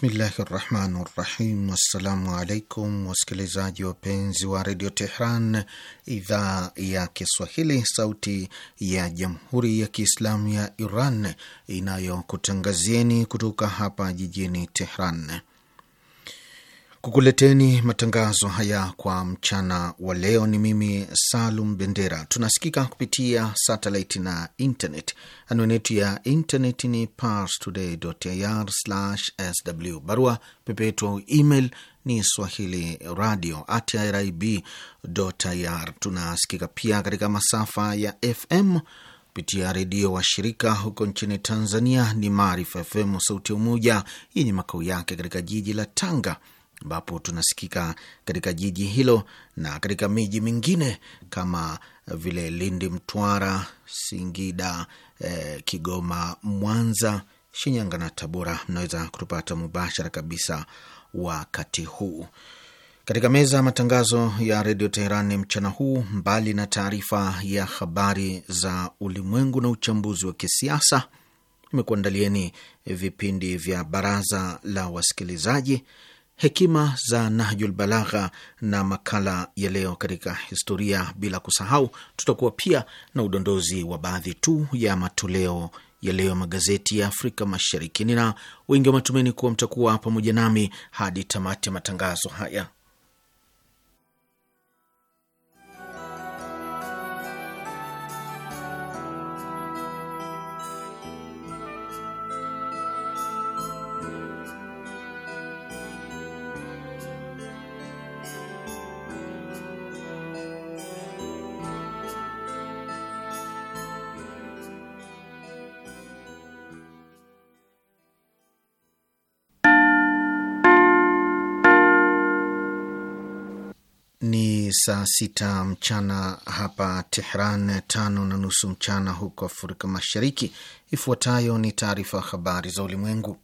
Bismillahi rahmani rahim. Assalamu alaikum wasikilizaji wapenzi wa redio Tehran, idhaa ya Kiswahili, sauti ya jamhuri ya kiislamu ya Iran inayokutangazieni kutoka hapa jijini Tehran kukuleteni matangazo haya kwa mchana wa leo. Ni mimi Salum Bendera. Tunasikika kupitia satellite na internet. Anwani yetu ya internet ni parstoday.ir/sw. Barua pepe yetu au email ni swahili radio at irib.ir. Tunasikika pia katika masafa ya FM kupitia redio wa shirika huko nchini Tanzania ni Maarifa FM, sauti ya Umoja, yenye makao yake katika jiji la Tanga ambapo tunasikika katika jiji hilo na katika miji mingine kama vile Lindi, Mtwara, Singida, eh, Kigoma, Mwanza, Shinyanga na Tabora. Mnaweza kutupata mubashara kabisa wakati huu katika meza ya matangazo ya redio Teheran mchana huu. Mbali na taarifa ya habari za ulimwengu na uchambuzi wa kisiasa, imekuandalieni vipindi vya baraza la wasikilizaji hekima za Nahjul Balagha na makala ya leo katika historia, bila kusahau tutakuwa pia na udondozi wa baadhi tu ya matoleo ya leo magazeti ya Afrika Mashariki. Nina wengi wa matumaini kuwa mtakuwa pamoja nami hadi tamati ya matangazo haya. saa sita mchana hapa Tehran, tano na nusu mchana huko Afrika Mashariki. Ifuatayo ni taarifa habari za ulimwengu,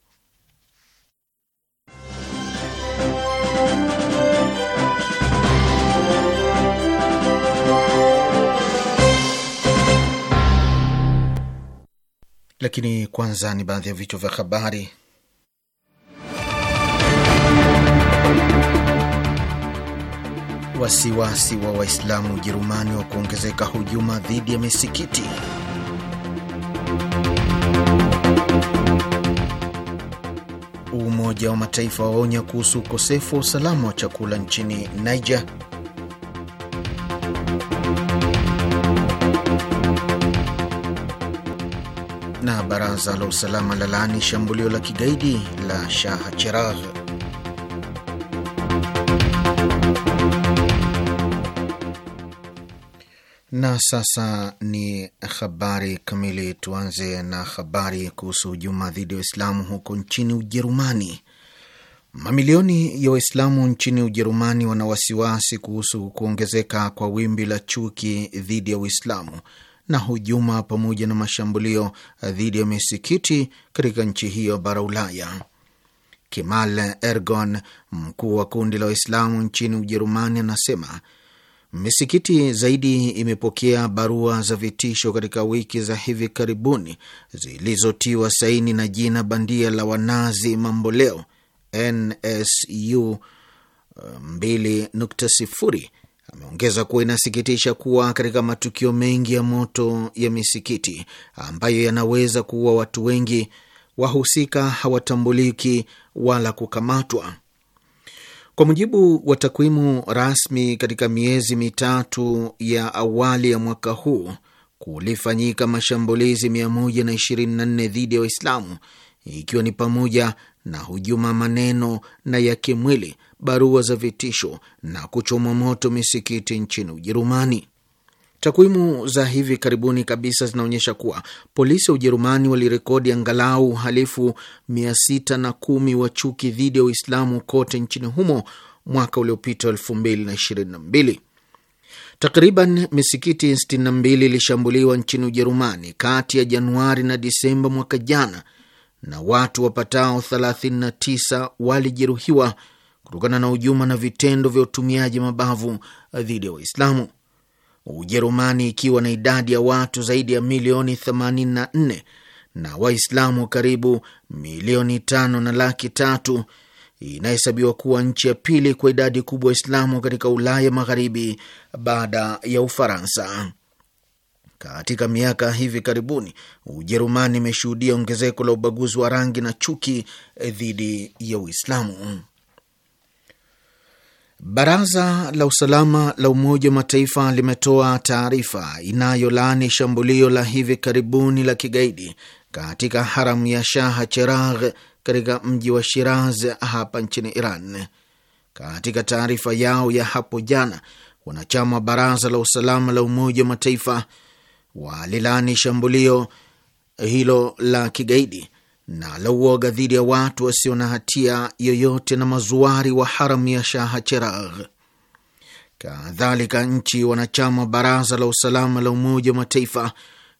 lakini kwanza ni baadhi ya vichwa vya habari. Wasiwasi wa Waislamu Ujerumani wa kuongezeka hujuma dhidi ya misikiti. Umoja wa Mataifa waonya kuhusu ukosefu wa usalama wa chakula nchini Niger. Na baraza la usalama la laani shambulio la kigaidi la Shah Cheragh. Na sasa ni habari kamili. Tuanze na habari kuhusu hujuma dhidi ya Waislamu huko nchini Ujerumani. Mamilioni ya Waislamu nchini Ujerumani wana wasiwasi kuhusu kuongezeka kwa wimbi la chuki dhidi ya Uislamu na hujuma pamoja na mashambulio dhidi ya misikiti katika nchi hiyo bara Ulaya. Kemal Ergon, mkuu wa kundi la Waislamu nchini Ujerumani, anasema Misikiti zaidi imepokea barua za vitisho katika wiki za hivi karibuni zilizotiwa saini na jina bandia la wanazi mamboleo NSU 2.0. Ameongeza kuwa inasikitisha kuwa katika matukio mengi ya moto ya misikiti ambayo yanaweza kuua watu wengi, wahusika hawatambuliki wala kukamatwa. Kwa mujibu wa takwimu rasmi, katika miezi mitatu ya awali ya mwaka huu kulifanyika mashambulizi 124 dhidi ya Waislamu, ikiwa ni pamoja na hujuma maneno na ya kimwili, barua za vitisho na kuchomwa moto misikiti nchini Ujerumani. Takwimu za hivi karibuni kabisa zinaonyesha kuwa polisi wa Ujerumani walirekodi angalau uhalifu 610 wa chuki dhidi ya Uislamu kote nchini humo mwaka uliopita 2022. Takriban misikiti 62 ilishambuliwa nchini Ujerumani kati ya Januari na Disemba mwaka jana, na watu wapatao 39 walijeruhiwa kutokana na hujuma na vitendo vya utumiaji mabavu dhidi ya Waislamu. Ujerumani ikiwa na idadi ya watu zaidi ya milioni 84 na Waislamu karibu milioni tano na laki tatu inahesabiwa kuwa nchi ya pili kwa idadi kubwa Waislamu katika Ulaya Magharibi baada ya Ufaransa. Katika miaka hivi karibuni, Ujerumani imeshuhudia ongezeko la ubaguzi wa rangi na chuki dhidi ya Uislamu. Baraza la usalama la Umoja wa Mataifa limetoa taarifa inayolaani shambulio la hivi karibuni la kigaidi katika haramu ya Shah Cheragh katika mji wa Shiraz hapa nchini Iran. Katika taarifa yao ya hapo jana, wanachama wa Baraza la Usalama la Umoja wa Mataifa walilaani shambulio hilo la kigaidi na la uoga dhidi ya watu wasio na hatia yoyote na mazuari wa haramu ya Shaha Cheragh. Kadhalika, nchi wanachama wa Baraza la Usalama la Umoja wa Mataifa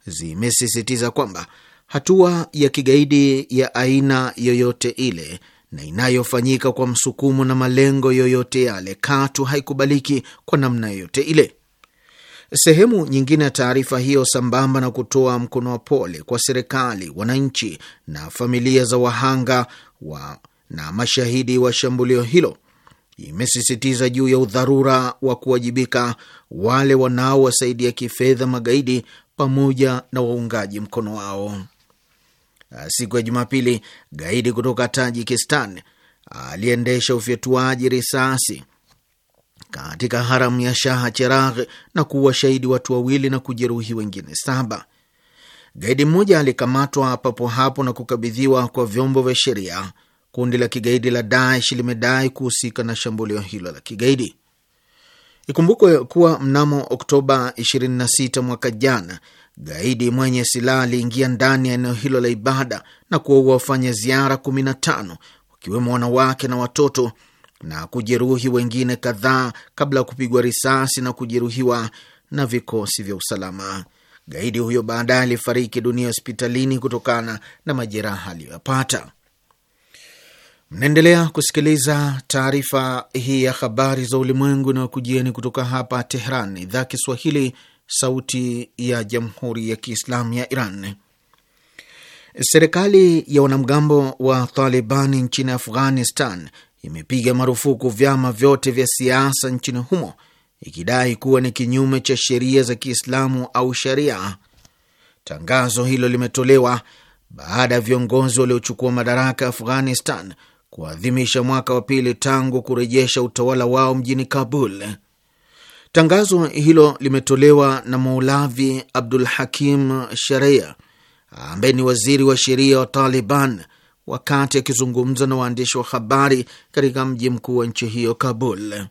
zimesisitiza kwamba hatua ya kigaidi ya aina yoyote ile na inayofanyika kwa msukumo na malengo yoyote yale katu haikubaliki kwa namna yoyote ile. Sehemu nyingine ya taarifa hiyo, sambamba na kutoa mkono wa pole kwa serikali, wananchi na familia za wahanga wa na mashahidi wa shambulio hilo, imesisitiza juu ya udharura wa kuwajibika wale wanaowasaidia kifedha magaidi pamoja na waungaji mkono wao. Siku ya Jumapili, gaidi kutoka Tajikistan aliendesha ufyatuaji risasi katika haramu ya Shaha Cheragh na kuwashahidi shahidi watu wawili na kujeruhi wengine saba. Gaidi mmoja alikamatwa papo hapo na kukabidhiwa kwa vyombo vya sheria. Kundi la kigaidi la Daesh limedai kuhusika na shambulio hilo la kigaidi. Ikumbukwe kuwa mnamo Oktoba 26 mwaka jana, gaidi mwenye silaha aliingia ndani ya eneo hilo la ibada na kuwaua wafanya ziara 15 wakiwemo wanawake na watoto na kujeruhi wengine kadhaa kabla ya kupigwa risasi na kujeruhiwa na vikosi vya usalama. Gaidi huyo baadaye alifariki dunia hospitalini kutokana na majeraha aliyoyapata. Mnaendelea kusikiliza taarifa hii ya habari za ulimwengu inayokujieni kutoka hapa Tehran, idhaa Kiswahili, sauti ya jamhuri ya kiislamu ya Iran. Serikali ya wanamgambo wa Taliban nchini Afghanistan imepiga marufuku vyama vyote vya siasa nchini humo ikidai kuwa ni kinyume cha sheria za Kiislamu au sharia. Tangazo hilo limetolewa baada ya viongozi waliochukua madaraka Afghanistan kuadhimisha mwaka wa pili tangu kurejesha utawala wao mjini Kabul. Tangazo hilo limetolewa na Maulavi Abdul Hakim Sharia ambaye ni waziri wa sheria wa Taliban wakati akizungumza na waandishi wa habari katika mji mkuu wa nchi hiyo Kabul.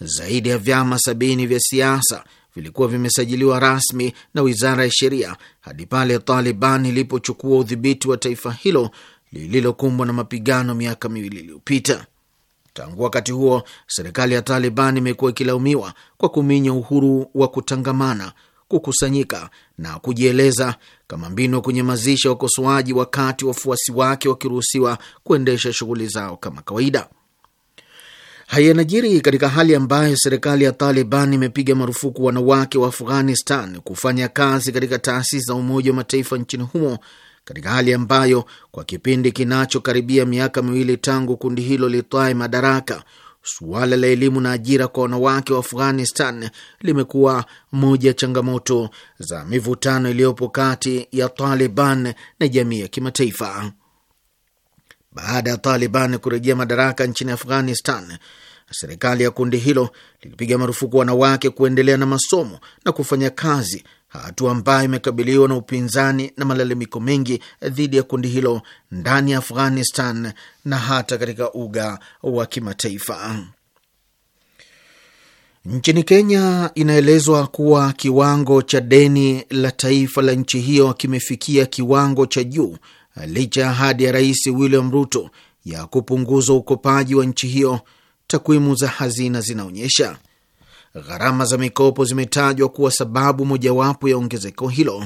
Zaidi ya vyama sabini vya siasa vilikuwa vimesajiliwa rasmi na wizara ya sheria hadi pale Taliban ilipochukua udhibiti wa taifa hilo lililokumbwa na mapigano miaka miwili iliyopita. Tangu wakati huo, serikali ya Taliban imekuwa ikilaumiwa kwa kuminya uhuru wa kutangamana, kukusanyika na kujieleza kama mbinu ya kunyamazisha wakosoaji, wakati wafuasi wake wakiruhusiwa kuendesha shughuli zao kama kawaida. Haya katika hali ambayo serikali ya Taliban imepiga marufuku wanawake wa Afghanistan kufanya kazi katika taasisi za Umoja wa Mataifa nchini humo, katika hali ambayo kwa kipindi kinachokaribia miaka miwili tangu kundi hilo litwae madaraka suala la elimu na ajira kwa wanawake wa Afghanistan limekuwa moja ya changamoto za mivutano iliyopo kati ya Taliban na jamii ya kimataifa. Baada ya Taliban kurejea madaraka nchini Afghanistan, serikali ya kundi hilo lilipiga marufuku wanawake kuendelea na masomo na kufanya kazi hatua ambayo imekabiliwa na upinzani na malalamiko mengi dhidi ya kundi hilo ndani ya Afghanistan na hata katika uga wa kimataifa. Nchini Kenya, inaelezwa kuwa kiwango cha deni la taifa la nchi hiyo kimefikia kiwango cha juu licha ya ahadi ya Rais William Ruto ya kupunguza ukopaji wa nchi hiyo. Takwimu za hazina zinaonyesha gharama za mikopo zimetajwa kuwa sababu mojawapo ya ongezeko hilo.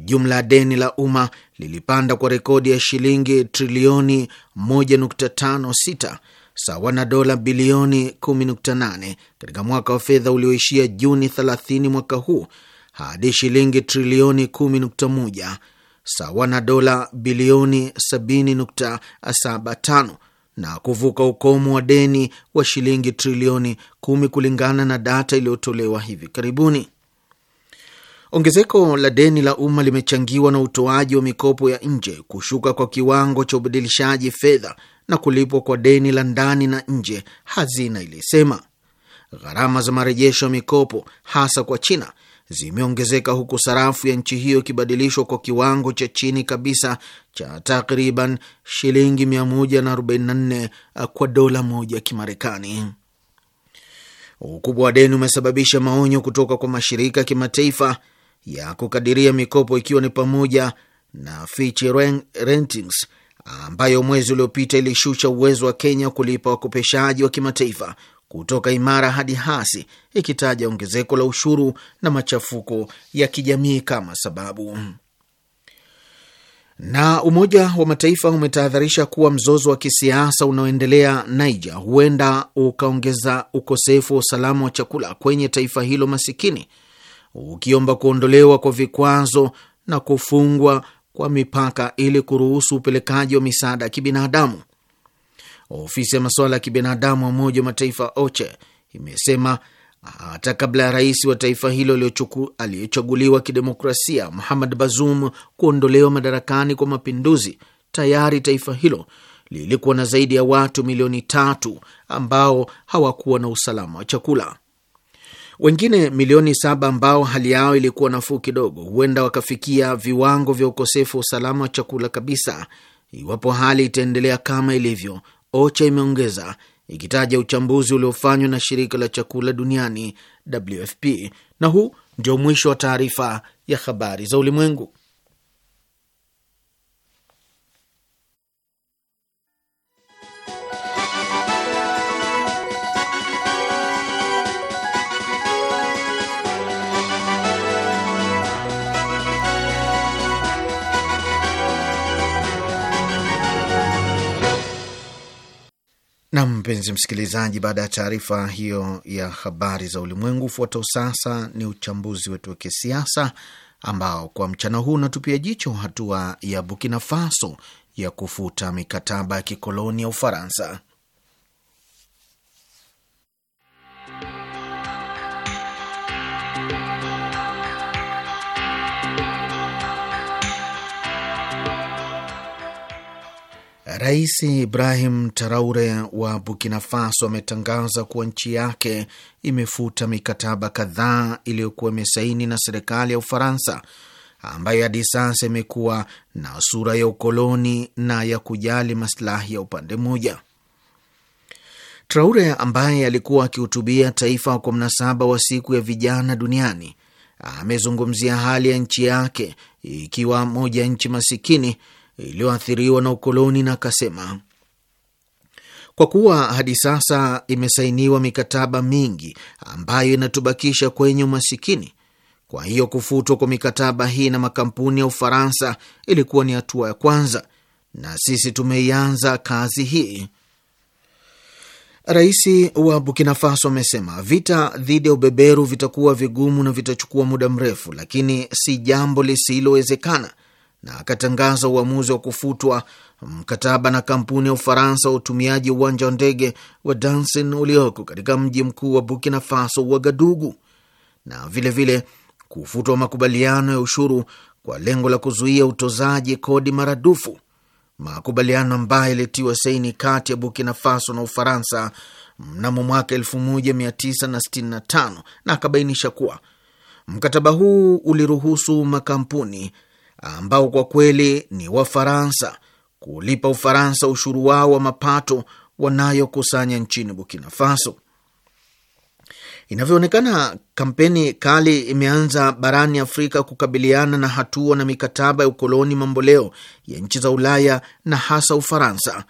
Jumla ya deni la umma lilipanda kwa rekodi ya shilingi trilioni 1.56 sawa na dola bilioni 10.8 katika mwaka wa fedha ulioishia Juni 30 mwaka huu hadi shilingi trilioni 10.1 sawa na dola bilioni 70.75 na kuvuka ukomo wa deni wa shilingi trilioni kumi kulingana na data iliyotolewa hivi karibuni. Ongezeko la deni la umma limechangiwa na utoaji wa mikopo ya nje, kushuka kwa kiwango cha ubadilishaji fedha na kulipwa kwa deni la ndani na nje, hazina ilisema. Gharama za marejesho ya mikopo hasa kwa China zimeongezeka huku sarafu ya nchi hiyo ikibadilishwa kwa kiwango cha chini kabisa cha takriban shilingi 144 kwa dola moja ya Kimarekani. Ukubwa wa deni umesababisha maonyo kutoka kwa mashirika ya kimataifa ya kukadiria mikopo ikiwa ni pamoja na Fitch Ratings ambayo mwezi uliopita ilishusha uwezo wa Kenya kulipa wakopeshaji wa kimataifa kutoka imara hadi hasi, ikitaja ongezeko la ushuru na machafuko ya kijamii kama sababu. Na Umoja wa Mataifa umetahadharisha kuwa mzozo wa kisiasa unaoendelea Niger huenda ukaongeza ukosefu wa usalama wa chakula kwenye taifa hilo masikini, ukiomba kuondolewa kwa vikwazo na kufungwa kwa mipaka ili kuruhusu upelekaji wa misaada ya kibinadamu. Ofisi ya masuala ya kibinadamu wa Umoja wa Mataifa OCHE imesema hata kabla ya rais wa taifa hilo aliyechaguliwa kidemokrasia Muhammad Bazoum kuondolewa madarakani kwa mapinduzi, tayari taifa hilo lilikuwa na zaidi ya watu milioni tatu ambao hawakuwa na usalama wa chakula. Wengine milioni saba ambao hali yao ilikuwa nafuu kidogo, huenda wakafikia viwango vya ukosefu wa usalama wa chakula kabisa iwapo hali itaendelea kama ilivyo OCHA imeongeza ikitaja uchambuzi uliofanywa na shirika la chakula duniani WFP. Na huu ndio mwisho wa taarifa ya habari za ulimwengu. Mpenzi msikilizaji, baada ya taarifa hiyo ya habari za ulimwengu, ufuatao sasa ni uchambuzi wetu wa kisiasa ambao kwa mchana huu unatupia jicho hatua ya Burkina Faso ya kufuta mikataba ya kikoloni ya Ufaransa. Rais Ibrahim taraure wa Burkina Faso ametangaza kuwa nchi yake imefuta mikataba kadhaa iliyokuwa imesaini na serikali ya Ufaransa ambayo hadi sasa imekuwa na sura ya ukoloni na ya kujali masilahi ya upande mmoja. traure ambaye alikuwa akihutubia taifa kwa mnasaba wa siku ya vijana duniani amezungumzia hali ya nchi yake ikiwa moja ya nchi masikini iliyoathiriwa na ukoloni, na akasema kwa kuwa hadi sasa imesainiwa mikataba mingi ambayo inatubakisha kwenye umasikini. Kwa hiyo kufutwa kwa mikataba hii na makampuni ya Ufaransa ilikuwa ni hatua ya kwanza, na sisi tumeianza kazi hii. Rais wa Burkina Faso amesema vita dhidi ya ubeberu vitakuwa vigumu na vitachukua muda mrefu, lakini si jambo lisilowezekana, na akatangaza uamuzi wa kufutwa mkataba na kampuni ya Ufaransa wa utumiaji uwanja wa ndege wa Dansin ulioko katika mji mkuu wa Burkina Faso, Wagadugu, na vilevile vile kufutwa makubaliano ya ushuru kwa lengo la kuzuia utozaji kodi maradufu, makubaliano ambayo yalitiwa saini kati ya Burkina Faso na Ufaransa mnamo mwaka 1965 na akabainisha kuwa mkataba huu uliruhusu makampuni ambao kwa kweli ni Wafaransa kulipa Ufaransa ushuru wao wa mapato wanayokusanya nchini Burkina Faso. Inavyoonekana, kampeni kali imeanza barani Afrika kukabiliana na hatua na mikataba ya ukoloni mamboleo ya nchi za Ulaya na hasa Ufaransa,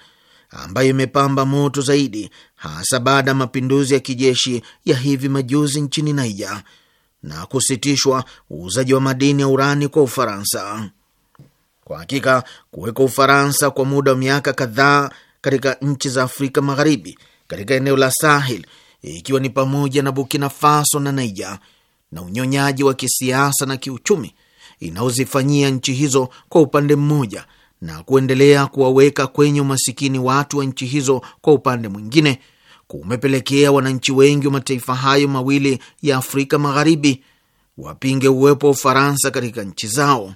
ambayo imepamba moto zaidi hasa baada ya mapinduzi ya kijeshi ya hivi majuzi nchini Naija na kusitishwa uuzaji wa madini ya urani kwa Ufaransa. Kwa hakika kuweka Ufaransa kwa muda wa miaka kadhaa katika nchi za Afrika Magharibi katika eneo la Sahel, ikiwa ni pamoja na Burkina Faso na Naija, na unyonyaji wa kisiasa na kiuchumi inaozifanyia nchi hizo kwa upande mmoja, na kuendelea kuwaweka kwenye umasikini watu wa nchi hizo kwa upande mwingine kumepelekea wananchi wengi wa mataifa hayo mawili ya Afrika Magharibi wapinge uwepo wa Ufaransa katika nchi zao.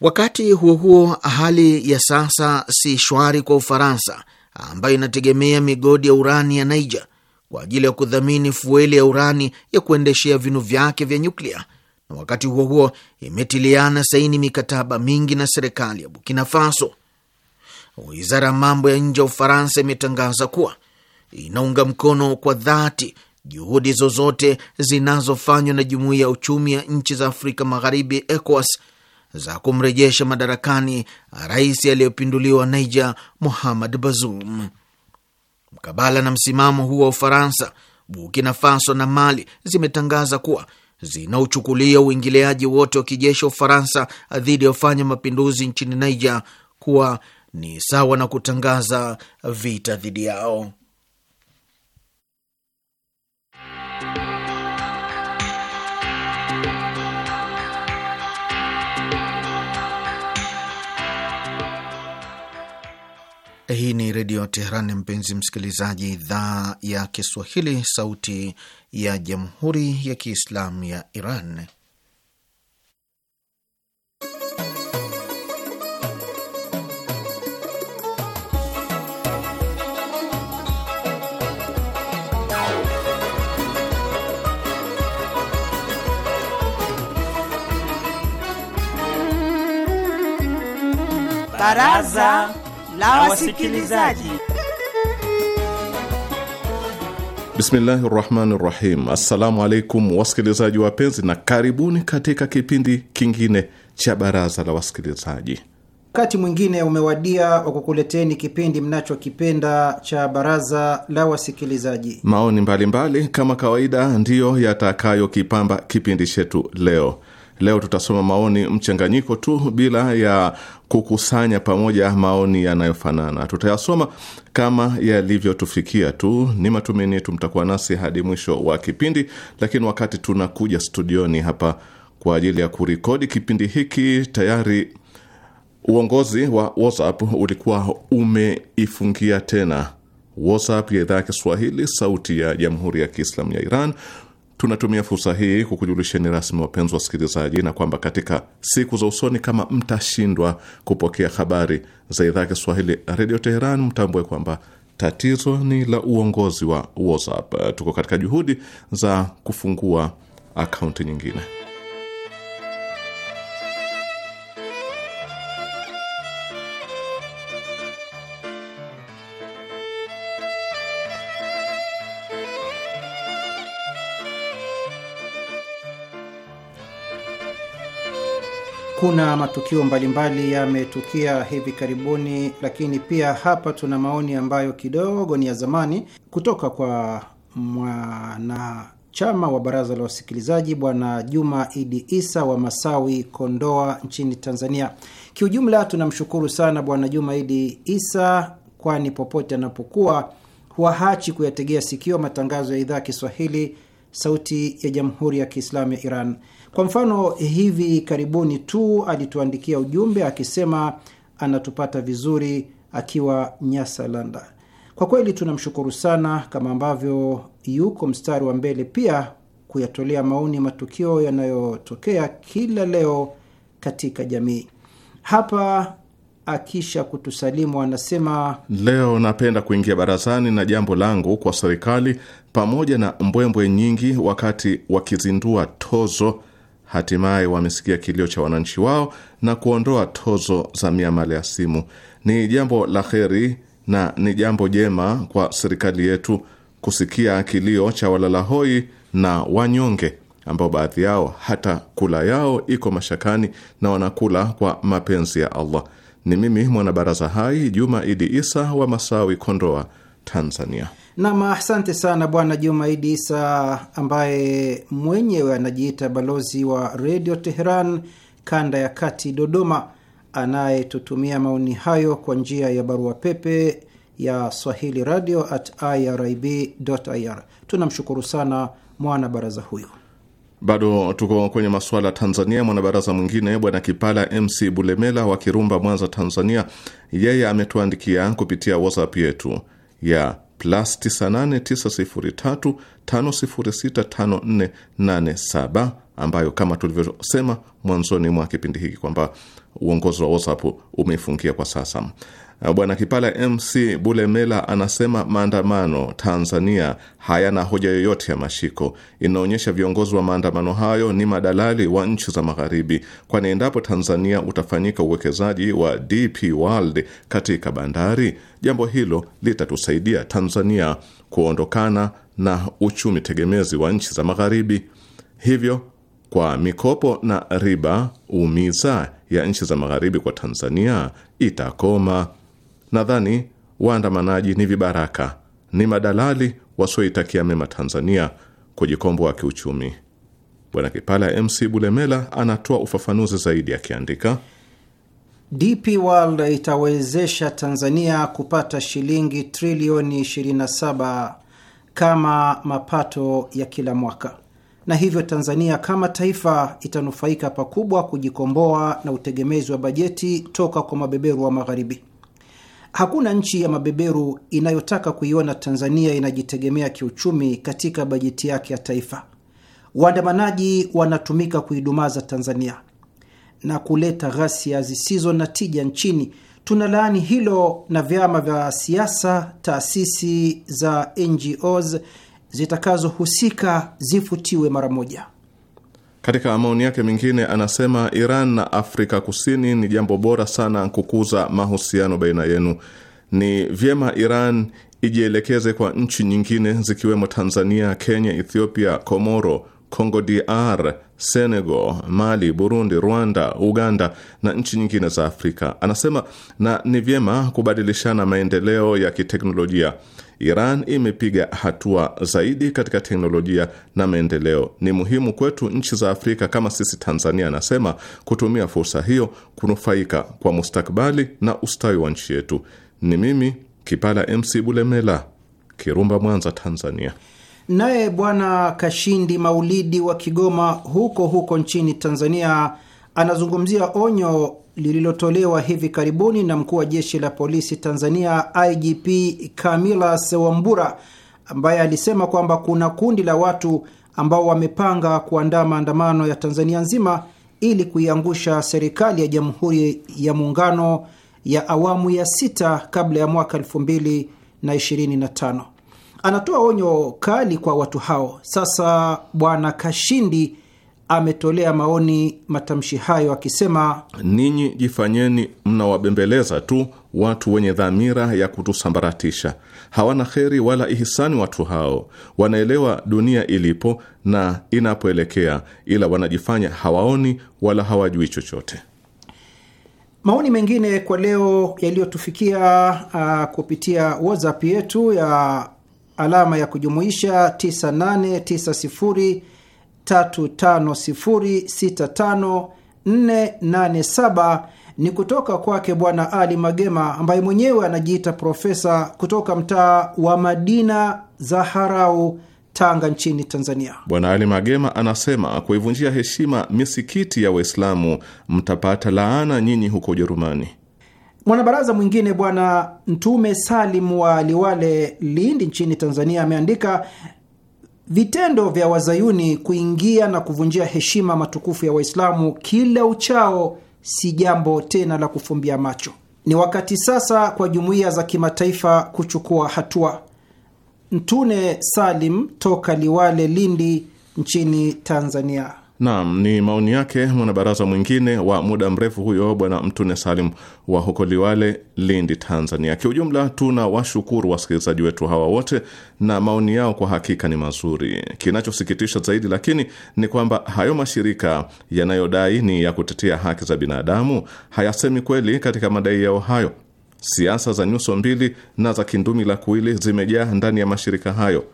Wakati huo huo, hali ya sasa si shwari kwa Ufaransa ambayo inategemea migodi ya urani ya Niger kwa ajili ya kudhamini fueli ya urani ya kuendeshea vinu vyake vya nyuklia, na wakati huo huo imetiliana saini mikataba mingi na serikali ya Burkina Faso. Wizara ya mambo ya nje ya Ufaransa imetangaza kuwa inaunga mkono kwa dhati juhudi zozote zinazofanywa na Jumuiya ya Uchumi ya Nchi za Afrika Magharibi, ECOWAS, za kumrejesha madarakani rais aliyepinduliwa Niger, muhamad Bazoum. Mkabala na msimamo huo wa Ufaransa, Burkina Faso na Mali zimetangaza kuwa zinauchukulia uingiliaji wote wa kijeshi wa Ufaransa dhidi ya ufanya mapinduzi nchini Niger kuwa ni sawa na kutangaza vita dhidi yao. Hii ni Redio Teheran, mpenzi msikilizaji, idhaa ya Kiswahili, sauti ya Jamhuri ya Kiislamu ya Iran. Baraza la wasikilizaji. Bismillahi rahmani rahim. Assalamu alaikum wasikilizaji wapenzi, na karibuni katika kipindi kingine cha baraza la wasikilizaji. Wakati mwingine umewadia wa kukuleteni kipindi mnachokipenda cha baraza la wasikilizaji. Maoni mbalimbali mbali, kama kawaida ndiyo yatakayokipamba kipindi chetu leo. Leo tutasoma maoni mchanganyiko tu bila ya kukusanya pamoja maoni yanayofanana. Tutayasoma kama yalivyotufikia tu. Ni matumaini yetu mtakuwa nasi hadi mwisho wa kipindi, lakini wakati tunakuja studioni hapa kwa ajili ya kurekodi kipindi hiki tayari uongozi wa WhatsApp ulikuwa umeifungia tena WhatsApp ya idhaa ya Kiswahili sauti ya Jamhuri ya Kiislamu ya Iran Tunatumia fursa hii kukujulisheni rasmi, wapenzi wasikilizaji, na kwamba katika siku za usoni, kama mtashindwa kupokea habari za idhaa ya Kiswahili Redio Teheran, mtambue kwamba tatizo ni la uongozi wa WhatsApp. Tuko katika juhudi za kufungua akaunti nyingine. Kuna matukio mbalimbali yametukia hivi karibuni, lakini pia hapa tuna maoni ambayo kidogo ni ya zamani kutoka kwa mwanachama wa baraza la wasikilizaji Bwana Juma Idi Isa wa Masawi, Kondoa nchini Tanzania. Kiujumla tunamshukuru sana Bwana Juma Idi Isa, kwani popote anapokuwa huwa hachi kuyategea sikio matangazo ya idhaa ya Kiswahili Sauti ya Jamhuri ya Kiislamu ya Iran. Kwa mfano, hivi karibuni tu alituandikia ujumbe akisema anatupata vizuri akiwa nyasa landa Kwa kweli tunamshukuru sana, kama ambavyo yuko mstari wa mbele pia kuyatolea maoni matukio yanayotokea kila leo katika jamii. Hapa akisha kutusalimu anasema, leo napenda kuingia barazani na jambo langu kwa serikali pamoja na mbwembwe nyingi wakati wakizindua tozo hatimaye wamesikia kilio cha wananchi wao na kuondoa tozo za miamala ya simu. Ni jambo la heri na ni jambo jema kwa serikali yetu kusikia kilio cha walalahoi na wanyonge ambao baadhi yao hata kula yao iko mashakani na wanakula kwa mapenzi ya Allah. Ni mimi mwanabaraza hai Juma Idi Isa wa Masawi, Kondoa, Tanzania. Nam, asante sana Bwana Juma Idi Isa ambaye mwenyewe anajiita balozi wa Redio Teheran kanda ya kati Dodoma, anayetutumia maoni hayo kwa njia ya barua pepe ya swahili radio at irib ir. Tunamshukuru sana mwana baraza huyo. Bado tuko kwenye masuala ya Tanzania. Mwanabaraza mwingine bwana Kipala MC Bulemela wa Kirumba, Mwanza, Tanzania, yeye ametuandikia kupitia WhatsApp yetu ya plus 989035065487 ambayo kama tulivyosema mwanzoni mwa kipindi hiki kwamba uongozi wa WhatsApp umeifungia kwa sasa. Eh, Bwana Kipala MC Bulemela anasema maandamano Tanzania hayana hoja yoyote ya mashiko. Inaonyesha viongozi wa maandamano hayo ni madalali wa nchi za Magharibi, kwani endapo Tanzania utafanyika uwekezaji wa DP World katika bandari, jambo hilo litatusaidia Tanzania kuondokana na uchumi tegemezi wa nchi za Magharibi. Hivyo kwa mikopo na riba umiza ya nchi za Magharibi kwa Tanzania itakoma. Nadhani waandamanaji ni vibaraka, ni madalali wasioitakia mema Tanzania kujikomboa kiuchumi. Bwana Kipala MC Bulemela anatoa ufafanuzi zaidi akiandika, DP World itawezesha Tanzania kupata shilingi trilioni 27 kama mapato ya kila mwaka, na hivyo Tanzania kama taifa itanufaika pakubwa kujikomboa na utegemezi wa bajeti toka kwa mabeberu wa Magharibi. Hakuna nchi ya mabeberu inayotaka kuiona Tanzania inajitegemea kiuchumi katika bajeti yake ya taifa. Waandamanaji wanatumika kuidumaza Tanzania na kuleta ghasia zisizo na tija nchini. Tunalaani hilo na vyama vya siasa, taasisi za NGOs zitakazohusika zifutiwe mara moja. Katika maoni yake mengine anasema, Iran na Afrika Kusini ni jambo bora sana kukuza mahusiano baina yenu. Ni vyema Iran ijielekeze kwa nchi nyingine zikiwemo Tanzania, Kenya, Ethiopia, Komoro, congo DR, Senegal, Mali, Burundi, Rwanda, Uganda na nchi nyingine za Afrika. Anasema na ni vyema kubadilishana maendeleo ya kiteknolojia. Iran imepiga hatua zaidi katika teknolojia na maendeleo. Ni muhimu kwetu nchi za Afrika kama sisi Tanzania, anasema, kutumia fursa hiyo kunufaika kwa mustakbali na ustawi wa nchi yetu. Ni mimi Kipala MC Bulemela, Kirumba, Mwanza, Tanzania. Naye Bwana Kashindi Maulidi wa Kigoma, huko huko nchini Tanzania, anazungumzia onyo lililotolewa hivi karibuni na mkuu wa jeshi la polisi Tanzania IGP Kamila Sewambura ambaye alisema kwamba kuna kundi la watu ambao wamepanga kuandaa maandamano ya Tanzania nzima ili kuiangusha serikali ya Jamhuri ya Muungano ya awamu ya sita kabla ya mwaka 2025. Anatoa onyo kali kwa watu hao. Sasa Bwana Kashindi ametolea maoni matamshi hayo akisema, ninyi jifanyeni mnawabembeleza tu watu wenye dhamira ya kutusambaratisha. Hawana kheri wala ihisani watu hao, wanaelewa dunia ilipo na inapoelekea, ila wanajifanya hawaoni wala hawajui chochote. Maoni mengine kwa leo yaliyotufikia uh, kupitia WhatsApp yetu ya alama ya kujumuisha 9890 35065487 ni kutoka kwake Bwana Ali Magema ambaye mwenyewe anajiita profesa kutoka mtaa wa Madina Zaharau Tanga nchini Tanzania. Bwana Ali Magema anasema kuivunjia heshima misikiti ya Waislamu mtapata laana nyinyi huko Ujerumani. Mwanabaraza mwingine Bwana Mtume Salim wa Liwale, Lindi nchini Tanzania ameandika Vitendo vya wazayuni kuingia na kuvunjia heshima matukufu ya Waislamu kila uchao si jambo tena la kufumbia macho. Ni wakati sasa kwa jumuiya za kimataifa kuchukua hatua. Mtune Salim toka Liwale, Lindi nchini Tanzania. Naam, ni maoni yake mwanabaraza mwingine wa muda mrefu huyo Bwana Mtune Salim wa huko Liwale, Lindi, Tanzania. Kiujumla, tuna washukuru wasikilizaji wetu hawa wote na maoni yao kwa hakika ni mazuri. Kinachosikitisha zaidi lakini ni kwamba hayo mashirika yanayodai ni ya kutetea haki za binadamu hayasemi kweli katika madai yao hayo. Siasa za nyuso mbili na za kindumi la kuili zimejaa ndani ya mashirika hayo.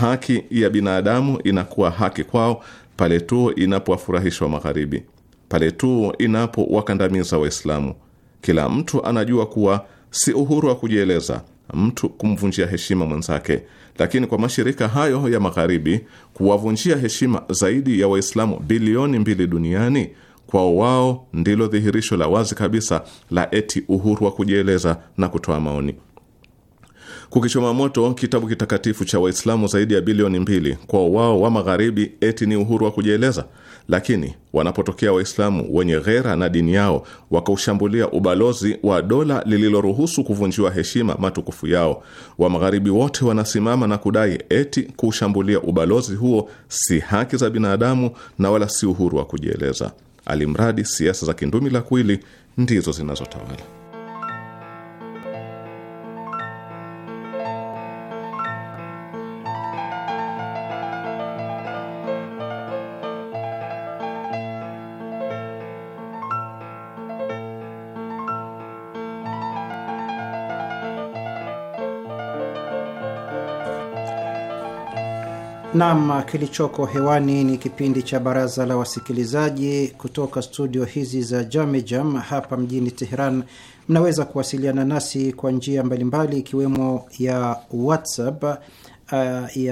Haki ya binadamu inakuwa haki kwao pale tu inapowafurahisha wa Magharibi, pale tu inapowakandamiza Waislamu. Kila mtu anajua kuwa si uhuru wa kujieleza mtu kumvunjia heshima mwenzake, lakini kwa mashirika hayo ya Magharibi kuwavunjia heshima zaidi ya Waislamu bilioni mbili duniani kwao wao ndilo dhihirisho la wazi kabisa la eti uhuru wa kujieleza na kutoa maoni. Kukichoma moto kitabu kitakatifu cha Waislamu zaidi ya bilioni mbili kwa wao wa Magharibi eti ni uhuru wa kujieleza, lakini wanapotokea Waislamu wenye ghera na dini yao wakaushambulia ubalozi wa dola lililoruhusu kuvunjiwa heshima matukufu yao, wa Magharibi wote wanasimama na kudai eti kuushambulia ubalozi huo si haki za binadamu na wala si uhuru wa kujieleza. Alimradi siasa za kindumi la kwili ndizo zinazotawala. Nam, kilichoko hewani ni kipindi cha Baraza la Wasikilizaji kutoka studio hizi za Jamejam hapa mjini Teheran. Mnaweza kuwasiliana nasi kwa njia mbalimbali ikiwemo ya WhatsApp uh,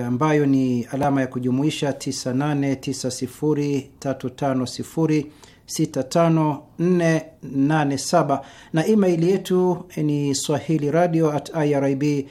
ambayo ni alama ya kujumuisha 989035065487 na email yetu ni swahili radio at irib ir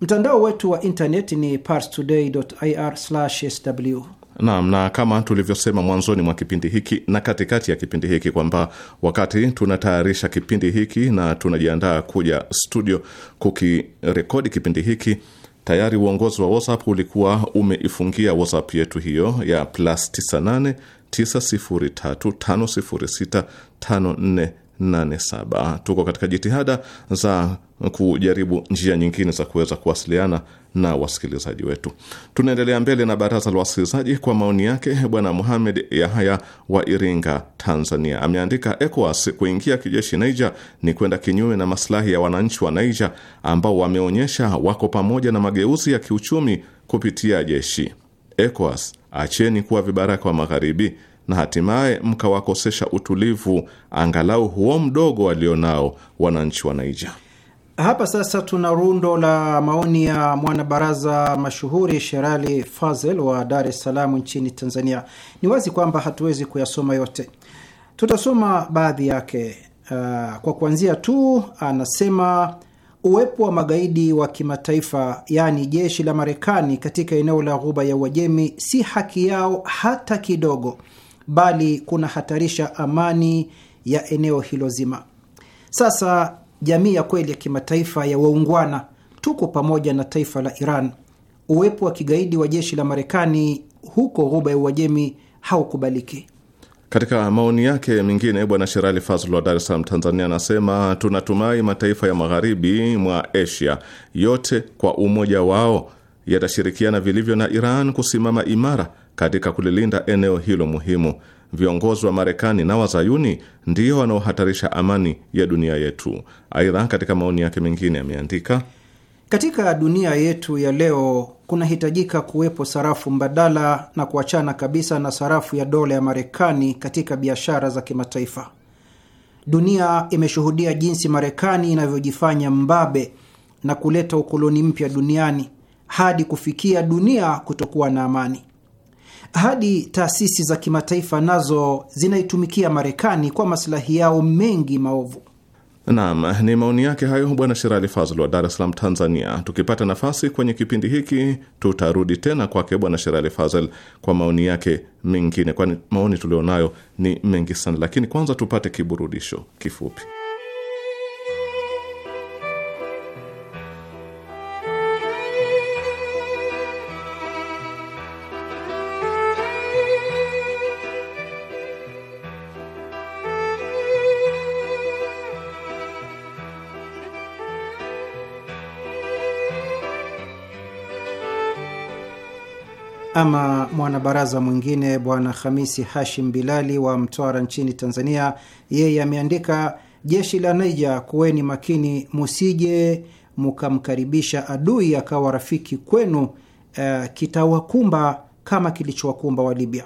Mtandao wetu wa intaneti ni parstoday.ir/sw. Naam, na kama tulivyosema mwanzoni mwa kipindi hiki na katikati ya kipindi hiki kwamba wakati tunatayarisha kipindi hiki na tunajiandaa kuja studio kukirekodi kipindi hiki, tayari uongozi wa WhatsApp ulikuwa umeifungia WhatsApp yetu hiyo ya plus 98 903 506 5487. Tuko katika jitihada za kujaribu njia nyingine za kuweza kuwasiliana na wasikilizaji wetu. Tunaendelea mbele na baraza la wasikilizaji kwa maoni yake. Bwana Muhamed Yahaya wa Iringa, Tanzania, ameandika ECOWAS kuingia kijeshi Niger ni kwenda kinyume na masilahi ya wananchi wa Niger ambao wameonyesha wako pamoja na mageuzi ya kiuchumi kupitia jeshi. ECOWAS, acheni kuwa vibaraka wa Magharibi na hatimaye mkawakosesha utulivu angalau huo mdogo walionao wananchi wa Niger. Hapa sasa tuna rundo la maoni ya mwanabaraza mashuhuri Sherali Fazel wa Dar es Salaam nchini Tanzania. Ni wazi kwamba hatuwezi kuyasoma yote, tutasoma baadhi yake. Uh, kwa kuanzia tu anasema uwepo wa magaidi wa kimataifa yaani jeshi la Marekani katika eneo la Ghuba ya Uajemi si haki yao hata kidogo, bali kunahatarisha amani ya eneo hilo zima. Sasa jamii ya kweli ya kimataifa ya waungwana, tuko pamoja na taifa la Iran. Uwepo wa kigaidi wa jeshi la Marekani huko Ghuba ya Uajemi haukubaliki. Katika maoni yake mengine, Bwana Sherali Fazl wa Dar es Salaam, Tanzania, anasema tunatumai mataifa ya magharibi mwa Asia yote kwa umoja wao yatashirikiana vilivyo na Iran kusimama imara katika kulilinda eneo hilo muhimu viongozi wa Marekani na wazayuni ndio wanaohatarisha amani ya dunia yetu. Aidha, katika maoni yake mengine ameandika, katika dunia yetu ya leo kunahitajika kuwepo sarafu mbadala na kuachana kabisa na sarafu ya dola ya Marekani katika biashara za kimataifa. Dunia imeshuhudia jinsi Marekani inavyojifanya mbabe na kuleta ukoloni mpya duniani hadi kufikia dunia kutokuwa na amani hadi taasisi za kimataifa nazo zinaitumikia Marekani kwa masilahi yao mengi maovu. Naam, ni maoni yake hayo Bwana Shirali Fazl wa Dar es Salaam, Tanzania. Tukipata nafasi kwenye kipindi hiki, tutarudi tena kwake Bwana Shirali Fazl kwa maoni yake mengine, kwani maoni tulionayo ni mengi sana, lakini kwanza tupate kiburudisho kifupi. Ama mwanabaraza mwingine Bwana Hamisi Hashim Bilali wa Mtwara nchini Tanzania, yeye ameandika jeshi la Naija, kuweni makini, musije mukamkaribisha adui akawa rafiki kwenu. Uh, kitawakumba kama kilichowakumba wa Libya.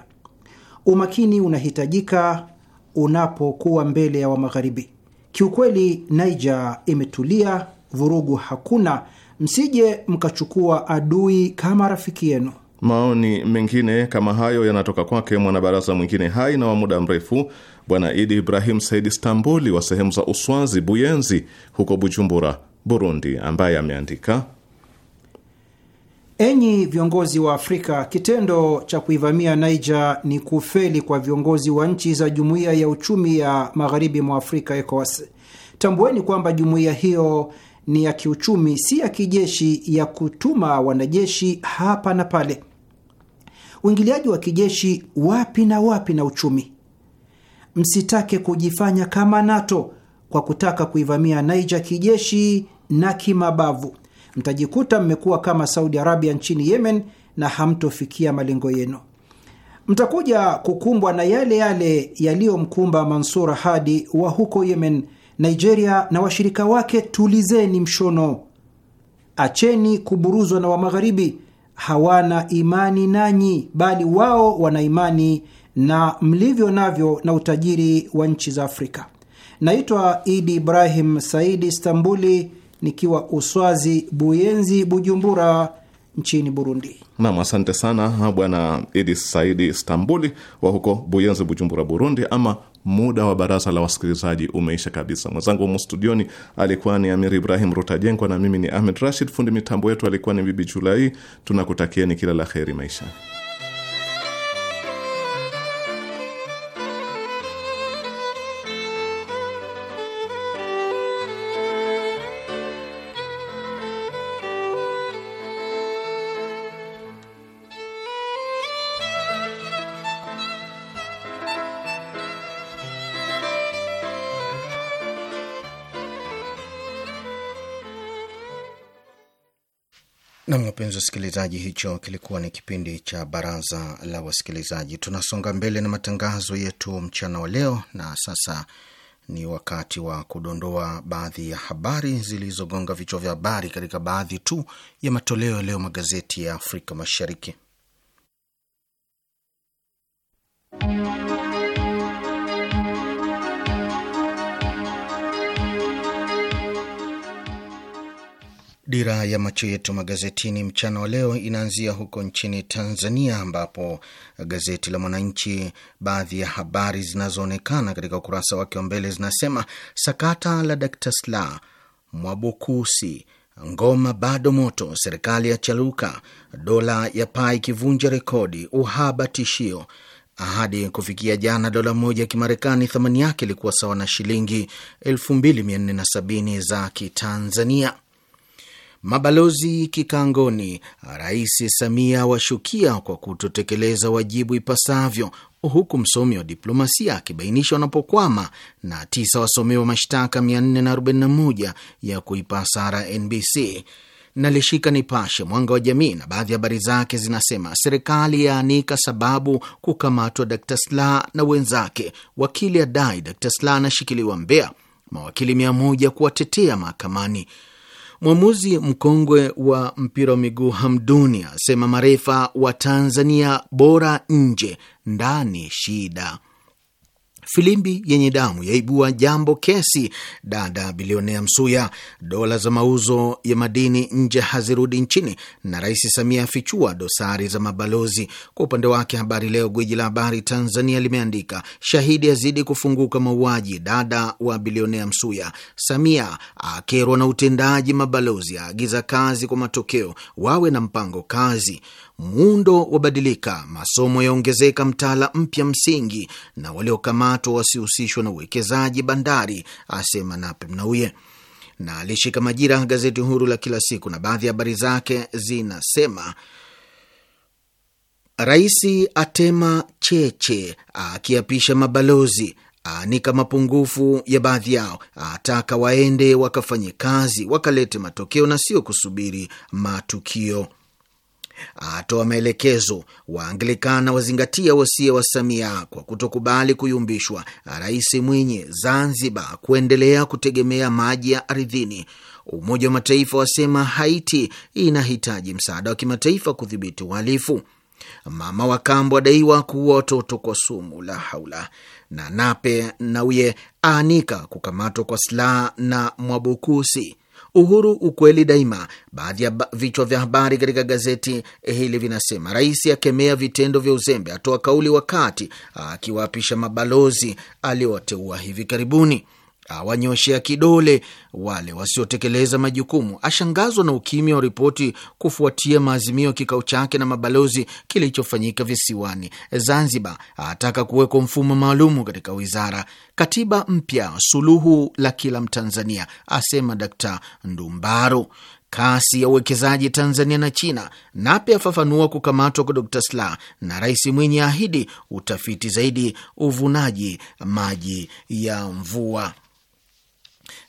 Umakini unahitajika unapokuwa mbele ya Wamagharibi. Kiukweli, Naija imetulia, vurugu hakuna, msije mkachukua adui kama rafiki yenu. Maoni mengine kama hayo yanatoka kwake mwanabaraza mwingine hai na wa muda mrefu Bwana Idi Ibrahim Saidi Stambuli wa sehemu za Uswazi Buyenzi huko Bujumbura, Burundi, ambaye ameandika: Enyi viongozi wa Afrika, kitendo cha kuivamia Niger ni kufeli kwa viongozi wa nchi za Jumuiya ya Uchumi ya Magharibi mwa Afrika, ECOWAS. Tambueni kwamba jumuiya hiyo ni ya kiuchumi, si ya kijeshi, ya kutuma wanajeshi hapa na pale uingiliaji wa kijeshi wapi na wapi na uchumi. Msitake kujifanya kama NATO kwa kutaka kuivamia Niger kijeshi na kimabavu. Mtajikuta mmekuwa kama Saudi Arabia nchini Yemen na hamtofikia malengo yenu. Mtakuja kukumbwa na yale yale yaliyomkumba Mansur Hadi wa huko Yemen. Nigeria na washirika wake, tulizeni mshono, acheni kuburuzwa na Wamagharibi hawana imani nanyi, bali wao wana imani na mlivyo navyo na utajiri wa nchi za Afrika. Naitwa Idi Ibrahim Saidi Istambuli, nikiwa Uswazi Buyenzi, Bujumbura nchini Burundi. Nam, asante sana Bwana Idi Saidi Istambuli wa huko Buyenzi, Bujumbura, Burundi. Ama muda wa baraza la wasikilizaji umeisha kabisa. Mwenzangu humu studioni alikuwa ni Amir Ibrahim Rutajengwa na mimi ni Ahmed Rashid. Fundi mitambo yetu alikuwa ni Bibi Julai. Tunakutakieni kila la kheri maisha Nam, wapenzi wasikilizaji, hicho kilikuwa ni kipindi cha baraza la wasikilizaji. Tunasonga mbele na matangazo yetu mchana wa leo, na sasa ni wakati wa kudondoa baadhi ya habari zilizogonga vichwa vya habari katika baadhi tu ya matoleo ya leo magazeti ya Afrika Mashariki. Dira ya macho yetu magazetini mchana wa leo inaanzia huko nchini Tanzania, ambapo gazeti la Mwananchi, baadhi ya habari zinazoonekana katika ukurasa wake wa mbele zinasema: sakata la Dr Sla Mwabukusi, ngoma bado moto, serikali ya chaluka, dola ya paa ikivunja rekodi, uhaba tishio hadi kufikia jana dola moja ya Kimarekani thamani yake ilikuwa sawa na shilingi 2470 za Kitanzania. Mabalozi kikangoni, Rais Samia washukia kwa kutotekeleza wajibu ipasavyo, huku msomi wa diplomasia akibainisha wanapokwama, na tisa wasomewa mashtaka 441 ya kuipa sara NBC. Nalishika Nipashe, Mwanga wa Jamii na baadhi ya habari zake zinasema: serikali yaanika sababu kukamatwa Dkt sla na wenzake, wakili adai Dkt sla anashikiliwa Mbeya, mawakili mia moja kuwatetea mahakamani Mwamuzi mkongwe wa mpira wa miguu Hamduni asema marefa wa Tanzania bora nje, ndani shida filimbi yenye damu yaibua jambo kesi, dada bilionea Msuya, dola za mauzo ya madini nje hazirudi nchini, na Rais Samia afichua dosari za mabalozi. Kwa upande wake, Habari Leo, gwiji la habari Tanzania, limeandika shahidi azidi kufunguka mauaji, dada wa bilionea Msuya, Samia akerwa na utendaji mabalozi, aagiza kazi kwa matokeo, wawe na mpango kazi muundo wabadilika, masomo yaongezeka, mtaala mpya msingi, na waliokamatwa wasihusishwa na uwekezaji bandari, asema Nape mnauye na alishika Majira, gazeti huru la kila siku, na baadhi ya habari zake zinasema: Rais atema cheche akiapisha mabalozi, aanika mapungufu ya baadhi yao, ataka waende wakafanye kazi wakalete matokeo na sio kusubiri matukio atoa maelekezo Waanglikana wazingatia wasia wa Samia kwa kutokubali kuyumbishwa. Rais Mwinyi Zanzibar kuendelea kutegemea maji ya ardhini. Umoja wa Mataifa wasema Haiti inahitaji msaada wa kimataifa kudhibiti uhalifu. Mama wa kambo adaiwa kuua watoto kwa sumu, la haula. Na Nape Nnauye aanika kukamatwa kwa silaha na Mwabukusi. Uhuru, ukweli daima. Baadhi ya vichwa vya habari katika gazeti hili vinasema: Rais akemea vitendo vya uzembe, atoa kauli wakati akiwaapisha mabalozi aliowateua hivi karibuni awanyoshea kidole wale wasiotekeleza majukumu, ashangazwa na ukimya wa ripoti kufuatia maazimio ya kikao chake na mabalozi kilichofanyika visiwani Zanzibar, ataka kuwekwa mfumo maalumu katika wizara, katiba mpya, suluhu la kila Mtanzania, asema Dkt Ndumbaru, kasi ya uwekezaji Tanzania na China. Nape afafanua kukamatwa kwa Dr sla na Rais Mwinyi ahidi utafiti zaidi uvunaji maji ya mvua.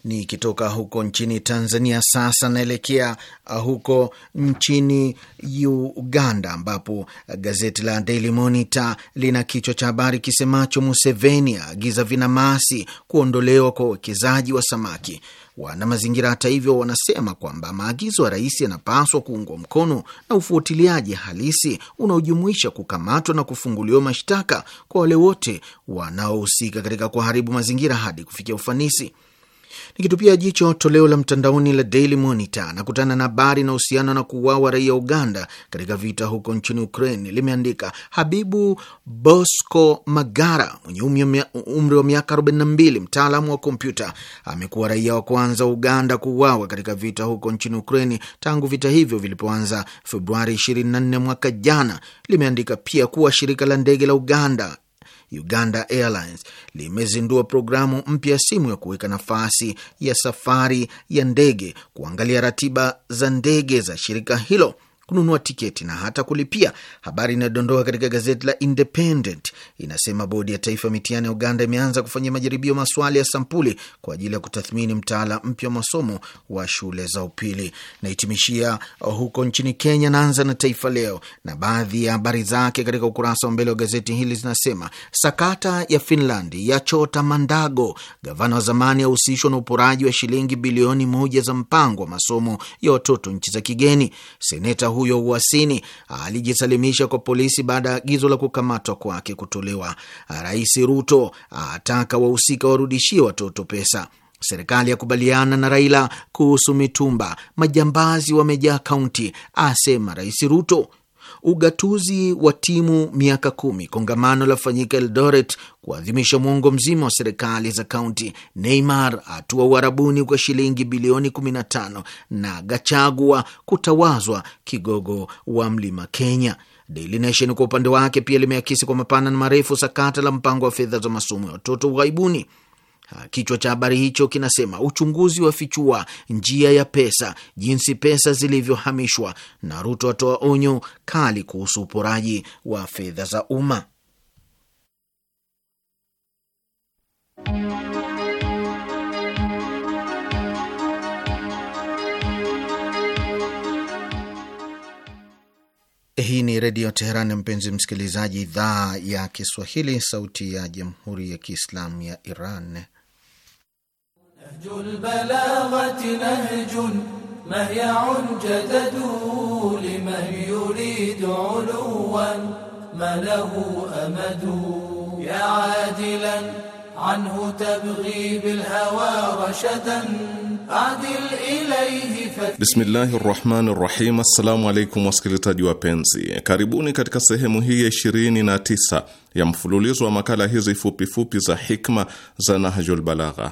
Nikitoka huko nchini Tanzania, sasa naelekea uh, huko nchini Uganda, ambapo uh, gazeti la Daily Monitor lina kichwa cha habari kisemacho Museveni aagiza vinamasi kuondolewa kwa uwekezaji wa samaki. Wana mazingira hata hivyo wanasema kwamba maagizo ya rais yanapaswa kuungwa mkono na ufuatiliaji halisi unaojumuisha kukamatwa na kufunguliwa mashtaka kwa wale wote wanaohusika katika kuharibu mazingira hadi kufikia ufanisi. Nikitupia jicho toleo la mtandaoni la Daily Monitor nakutana na habari inahusiana na kuuawa raia wa Uganda katika vita huko nchini Ukraine. Limeandika Habibu Bosco Magara mwenye umri wa miaka 42, mtaalamu wa kompyuta, amekuwa raia wa kwanza Uganda kuuawa katika vita huko nchini Ukraine tangu vita hivyo vilipoanza Februari 24 mwaka jana. Limeandika pia kuwa shirika la ndege la Uganda Uganda Airlines limezindua programu mpya ya simu ya kuweka nafasi ya safari ya ndege, kuangalia ratiba za ndege za shirika hilo kununua tiketi na hata kulipia. Habari inayodondoka katika gazeti la Independent inasema bodi ya taifa mitihani ya Uganda imeanza kufanyia majaribio maswali ya sampuli kwa ajili ya kutathmini mtaala mpya wa masomo wa shule za upili. Nahitimishia huko nchini Kenya, naanza na Taifa Leo na baadhi ya habari zake katika ukurasa wa mbele wa gazeti hili zinasema: sakata ya ya chota Mandago, gavana wa zamani ahusishwa na uporaji wa shilingi bilioni moja za mpango wa masomo ya watoto nchi za kigeni. Seneta huyo uasini alijisalimisha kwa polisi baada ya agizo la kukamatwa kwake kutolewa. Rais Ruto ataka wahusika warudishie watoto pesa. Serikali ya kubaliana na Raila kuhusu mitumba. Majambazi wamejaa kaunti, asema Rais Ruto ugatuzi wa timu miaka kumi. Kongamano la fanyika Eldoret kuadhimisha mwongo mzima wa serikali za kaunti. Neymar atua uharabuni kwa shilingi bilioni 15 na Gachagua kutawazwa kigogo wa mlima Kenya. Daily Nation kwa upande wake pia limeakisi kwa mapana na marefu sakata la mpango wa fedha za masomo ya watoto ughaibuni. Kichwa cha habari hicho kinasema uchunguzi wa fichua njia ya pesa, jinsi pesa zilivyohamishwa, na Ruto atoa onyo kali kuhusu uporaji wa fedha za umma. Hii ni Redio Teheran, mpenzi msikilizaji, idhaa ya Kiswahili, sauti ya Jamhuri ya Kiislamu ya Iran. نهج البلاغة نهج مهيع جدده لمن يريد علوا ما له أمد يا عادلا عنه تبغي بالهوى رشدا عدل إليه Bismillahi rahmani rahim. Assalamu alaikum wasikilizaji wapenzi, karibuni katika sehemu hii ya 29 ya mfululizo wa makala hizi fupifupi fupi za hikma za Nahjul Balagha.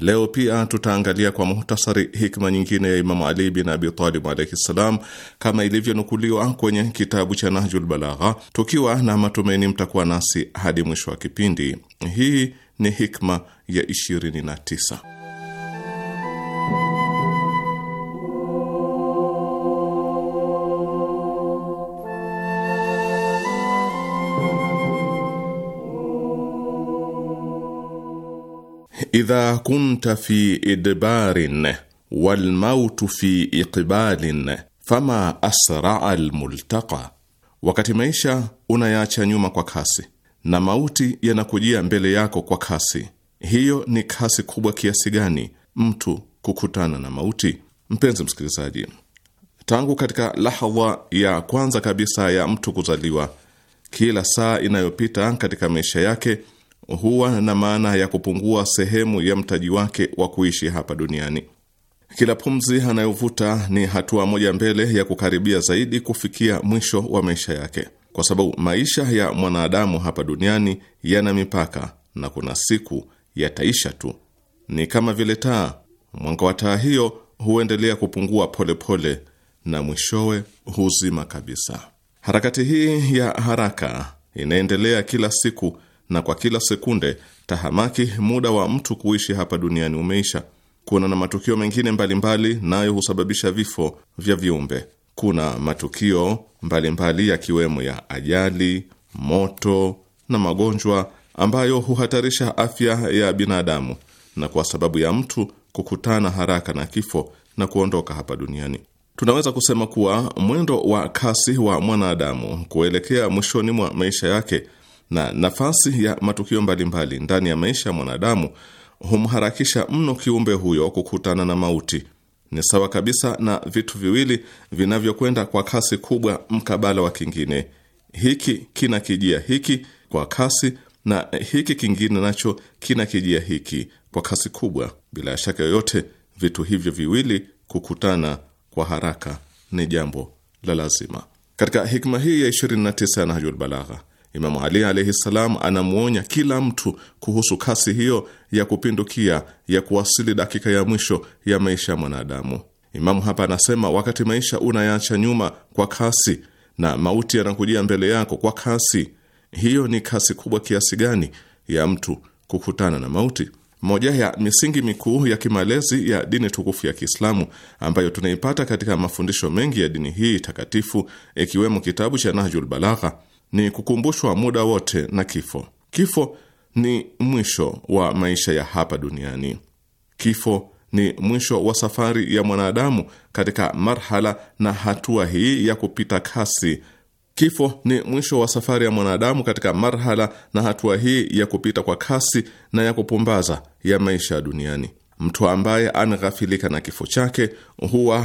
Leo pia tutaangalia kwa muhtasari hikma nyingine ya Imamu Ali bin Abi Talib alaihi ssalam, kama ilivyonukuliwa kwenye kitabu cha Nahjul Balagha, tukiwa na matumaini mtakuwa nasi hadi mwisho wa kipindi. Hii ni hikma ya 29. idha kunta fi idbarin walmautu fi iqbalin fama asraa lmultaqa, wakati maisha unayaacha nyuma kwa kasi na mauti yanakujia mbele yako kwa kasi. Hiyo ni kasi kubwa kiasi gani mtu kukutana na mauti? Mpenzi msikilizaji, tangu katika lahadha ya kwanza kabisa ya mtu kuzaliwa, kila saa inayopita katika maisha yake huwa na maana ya kupungua sehemu ya mtaji wake wa kuishi hapa duniani. Kila pumzi anayovuta ni hatua moja mbele ya kukaribia zaidi kufikia mwisho wa maisha yake, kwa sababu maisha ya mwanadamu hapa duniani yana mipaka na kuna siku yataisha tu. Ni kama vile taa, mwanga wa taa hiyo huendelea kupungua polepole pole, na mwishowe huzima kabisa. Harakati hii ya haraka inaendelea kila siku na kwa kila sekunde tahamaki muda wa mtu kuishi hapa duniani umeisha. Kuna na matukio mengine mbalimbali nayo husababisha vifo vya viumbe. Kuna matukio mbalimbali yakiwemo ya ajali, moto na magonjwa ambayo huhatarisha afya ya binadamu na kwa sababu ya mtu kukutana haraka na kifo na kuondoka hapa duniani. Tunaweza kusema kuwa mwendo wa kasi wa mwanadamu kuelekea mwishoni mwa maisha yake na nafasi ya matukio mbalimbali mbali ndani ya maisha ya mwanadamu humharakisha mno kiumbe huyo kukutana na mauti. Ni sawa kabisa na vitu viwili vinavyokwenda kwa kasi kubwa mkabala wa kingine, hiki kina kijia hiki kwa kasi na hiki kingine nacho kina kijia hiki kwa kasi kubwa. Bila shaka yoyote, vitu hivyo viwili kukutana kwa haraka ni jambo la lazima. Katika hikma hii ya 29 ya Nahjul Balagha Imamu Ali alaihi ssalam anamwonya kila mtu kuhusu kasi hiyo ya kupindukia ya kuwasili dakika ya mwisho ya maisha ya mwanadamu. Imamu hapa anasema, wakati maisha unayaacha nyuma kwa kasi na mauti yanakujia mbele yako kwa kasi, hiyo ni kasi kubwa kiasi gani ya mtu kukutana na mauti? Moja ya misingi mikuu ya kimalezi ya dini tukufu ya Kiislamu ambayo tunaipata katika mafundisho mengi ya dini hii takatifu, ikiwemo kitabu cha Nahjul Balagha ni kukumbushwa muda wote na kifo. Kifo ni mwisho wa maisha ya hapa duniani. Kifo ni mwisho wa safari ya mwanadamu katika marhala na hatua hii ya kupita kasi. Kifo ni mwisho wa safari ya mwanadamu katika marhala na hatua hii ya kupita kwa kasi na ya kupumbaza ya maisha duniani. Mtu ambaye anaghafilika na kifo chake huwa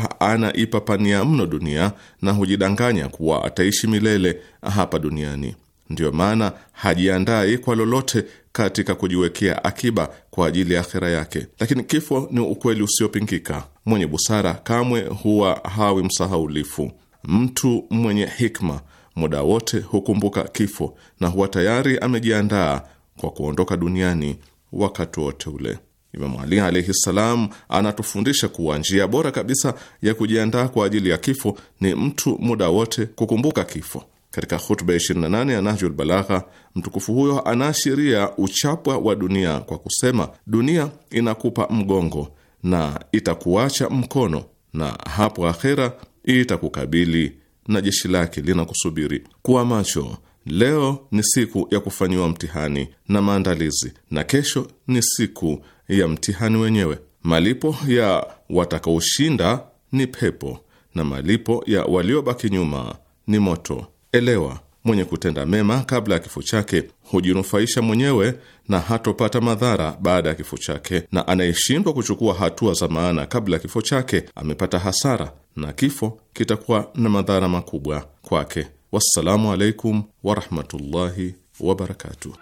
pania mno dunia na hujidanganya kuwa ataishi milele hapa duniani. Ndiyo maana hajiandai kwa lolote katika kujiwekea akiba kwa ajili ya akhera yake. Lakini kifo ni ukweli usiopingika. Mwenye busara kamwe huwa hawi msahaulifu. Mtu mwenye hikma muda wote hukumbuka kifo na huwa tayari amejiandaa kwa kuondoka duniani wakati wote ule. Imamu Ali alaihi ssalam anatufundisha kuwa njia bora kabisa ya kujiandaa kwa ajili ya kifo ni mtu muda wote kukumbuka kifo. Katika hutuba 28 ya Nahjul Balagha, mtukufu huyo anaashiria uchapwa wa dunia kwa kusema, dunia inakupa mgongo na itakuacha mkono, na hapo akhera itakukabili na jeshi lake linakusubiri. Kuwa macho. Leo ni siku ya kufanyiwa mtihani na maandalizi, na kesho ni siku ya mtihani wenyewe. Malipo ya watakaoshinda ni pepo na malipo ya waliobaki nyuma ni moto. Elewa, mwenye kutenda mema kabla ya kifo chake hujinufaisha mwenyewe na hatopata madhara baada ya kifo chake, na anayeshindwa kuchukua hatua za maana kabla ya kifo chake amepata hasara na kifo kitakuwa na madhara makubwa kwake. Wassalamu alaikum warahmatullahi wabarakatuh.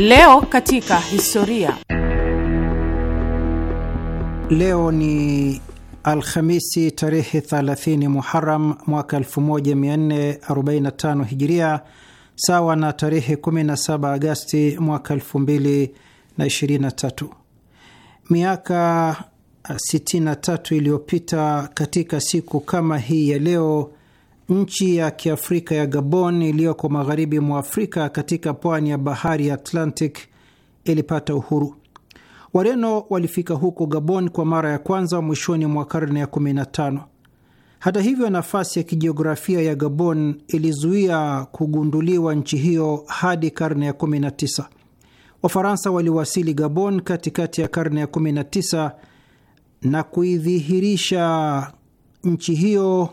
Leo katika historia. Leo ni Alhamisi tarehe 30 Muharam mwaka 1445 Hijiria, sawa na tarehe 17 Agasti mwaka 2023. Miaka 63 iliyopita katika siku kama hii ya leo Nchi ya kiafrika ya Gabon iliyoko magharibi mwa Afrika katika pwani ya bahari ya Atlantic ilipata uhuru. Wareno walifika huko Gabon kwa mara ya kwanza mwishoni mwa karne ya 15. Hata hivyo, nafasi ya kijiografia ya Gabon ilizuia kugunduliwa nchi hiyo hadi karne ya 19. Wafaransa waliwasili Gabon katikati ya karne ya 19 na kuidhihirisha nchi hiyo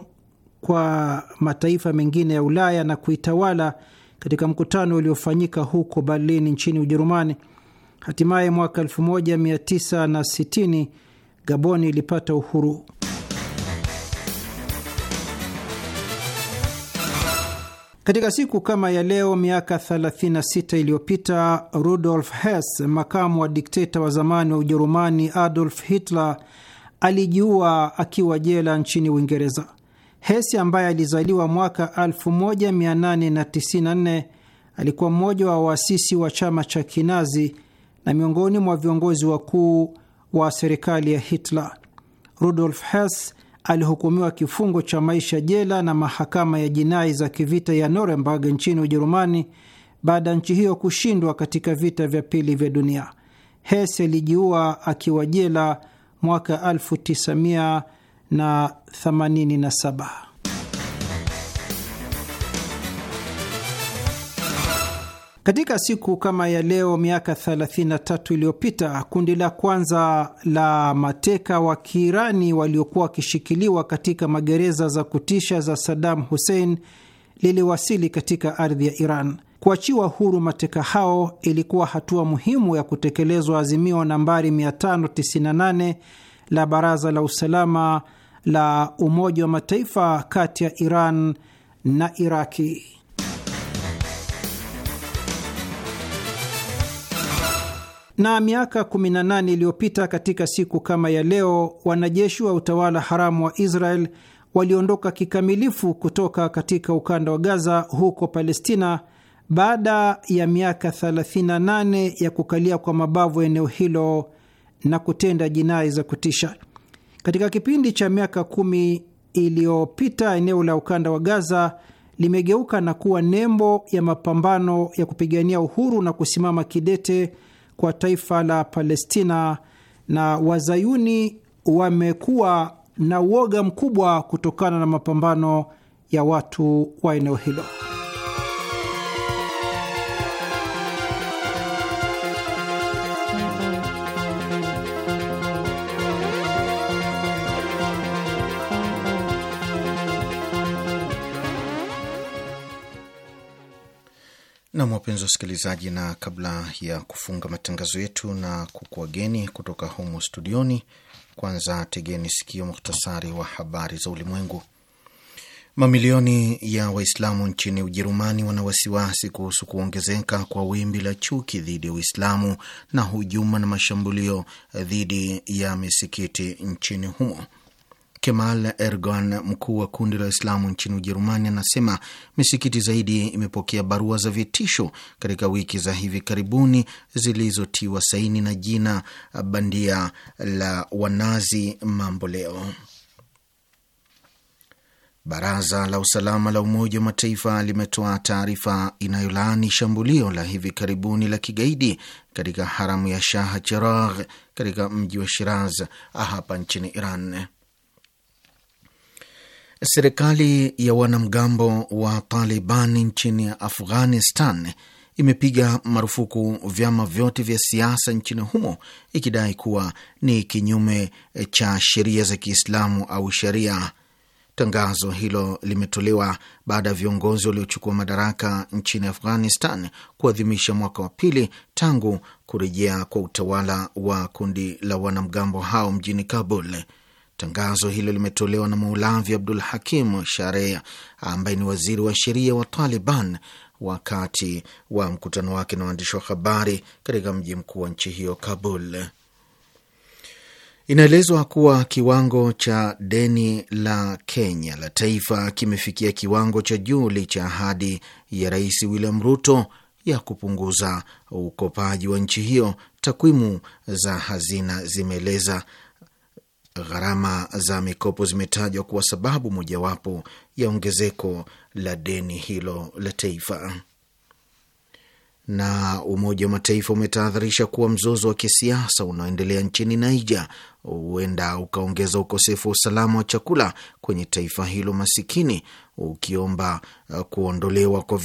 kwa mataifa mengine ya Ulaya na kuitawala katika mkutano uliofanyika huko Berlin nchini Ujerumani. Hatimaye mwaka 1960 Gaboni ilipata uhuru. Katika siku kama ya leo miaka 36 iliyopita Rudolf Hess, makamu wa dikteta wa zamani wa Ujerumani Adolf Hitler, alijiua akiwa jela nchini Uingereza. Hesi ambaye alizaliwa mwaka 1894 alikuwa mmoja wa waasisi wa chama cha Kinazi na miongoni mwa viongozi wakuu wa serikali ya Hitler. Rudolf Hess alihukumiwa kifungo cha maisha jela na mahakama ya jinai za kivita ya Nuremberg nchini Ujerumani baada ya nchi hiyo kushindwa katika vita vya pili vya dunia. Hess alijiua akiwa jela mwaka na 87. Katika siku kama ya leo miaka 33 iliyopita kundi la kwanza la mateka wa Kiirani waliokuwa wakishikiliwa katika magereza za kutisha za Saddam Hussein liliwasili katika ardhi ya Iran. Kuachiwa huru mateka hao ilikuwa hatua muhimu ya kutekelezwa azimio nambari 598 la Baraza la Usalama la Umoja wa Mataifa kati ya Iran na Iraki. Na miaka 18 iliyopita katika siku kama ya leo, wanajeshi wa utawala haramu wa Israel waliondoka kikamilifu kutoka katika ukanda wa Gaza huko Palestina baada ya miaka 38 ya kukalia kwa mabavu eneo hilo na kutenda jinai za kutisha. Katika kipindi cha miaka kumi iliyopita eneo la ukanda wa Gaza limegeuka na kuwa nembo ya mapambano ya kupigania uhuru na kusimama kidete kwa taifa la Palestina, na wazayuni wamekuwa na uoga mkubwa kutokana na mapambano ya watu wa eneo hilo. Nam, wapenzi wasikilizaji, na kabla ya kufunga matangazo yetu na kukuageni kutoka humo studioni, kwanza tegeni sikio muhtasari wa habari za ulimwengu. Mamilioni ya Waislamu nchini Ujerumani wana wasiwasi kuhusu kuongezeka kwa wimbi la chuki dhidi ya Uislamu na hujuma na mashambulio dhidi ya misikiti nchini humo. Kemal Erdogan, mkuu wa kundi la Waislamu nchini Ujerumani, anasema misikiti zaidi imepokea barua za vitisho katika wiki za hivi karibuni zilizotiwa saini na jina bandia la Wanazi mambo leo. Baraza la usalama la Umoja wa Mataifa limetoa taarifa inayolaani shambulio la hivi karibuni la kigaidi katika haramu ya Shah Cheragh katika mji wa Shiraz ah, hapa nchini Iran. Serikali ya wanamgambo wa Taliban nchini Afghanistan imepiga marufuku vyama vyote vya siasa nchini humo ikidai kuwa ni kinyume cha sheria za Kiislamu au sheria. Tangazo hilo limetolewa baada ya viongozi waliochukua madaraka nchini Afghanistan kuadhimisha mwaka wa pili tangu kurejea kwa utawala wa kundi la wanamgambo hao mjini Kabul. Tangazo hilo limetolewa na Maulavi Abdul Hakim Sharea ambaye ni waziri wa sheria wa Taliban wakati wa mkutano wake na waandishi wa habari katika mji mkuu wa nchi hiyo Kabul. Inaelezwa kuwa kiwango cha deni la Kenya la taifa kimefikia kiwango cha juu licha ya ahadi ya Rais William Ruto ya kupunguza ukopaji wa nchi hiyo, takwimu za hazina zimeeleza Gharama za mikopo zimetajwa kuwa sababu mojawapo ya ongezeko la deni hilo la taifa. Na Umoja wa Mataifa umetahadharisha kuwa mzozo wa kisiasa unaoendelea nchini Niger huenda ukaongeza ukosefu wa usalama wa chakula kwenye taifa hilo masikini, ukiomba uh, kuondolewa kwa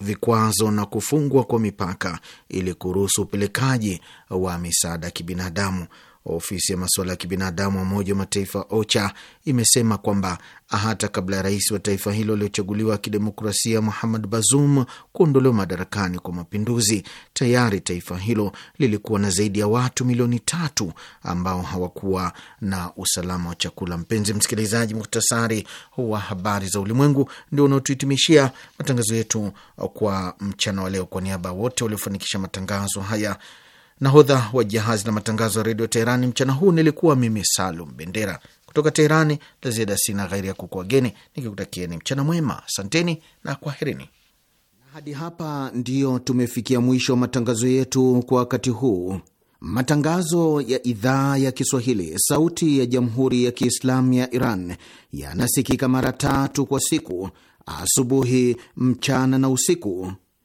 vikwazo na kufungwa kwa mipaka ili kuruhusu upelekaji wa misaada ya kibinadamu. Ofisi ya masuala ya kibinadamu wa Umoja wa Mataifa OCHA imesema kwamba hata kabla ya rais wa taifa hilo aliochaguliwa kidemokrasia Muhammad Bazoum kuondolewa madarakani kwa mapinduzi, tayari taifa hilo lilikuwa na zaidi ya watu milioni tatu ambao hawakuwa na usalama wa chakula. Mpenzi msikilizaji, muktasari wa habari za ulimwengu ndio unaotuhitimishia matangazo yetu kwa mchana wa leo. Kwa niaba ya wote waliofanikisha matangazo haya Nahodha wa jahazi la matangazo ya redio Teherani mchana huu nilikuwa mimi Salum Bendera kutoka Teherani. La ziada sina ghairi ya kukuageni nikikutakieni mchana mwema, asanteni na kwaherini. Na hadi hapa ndiyo tumefikia mwisho wa matangazo yetu kwa wakati huu. Matangazo ya idhaa ya Kiswahili sauti ya jamhuri ya Kiislamu ya Iran yanasikika mara tatu kwa siku: asubuhi, mchana na usiku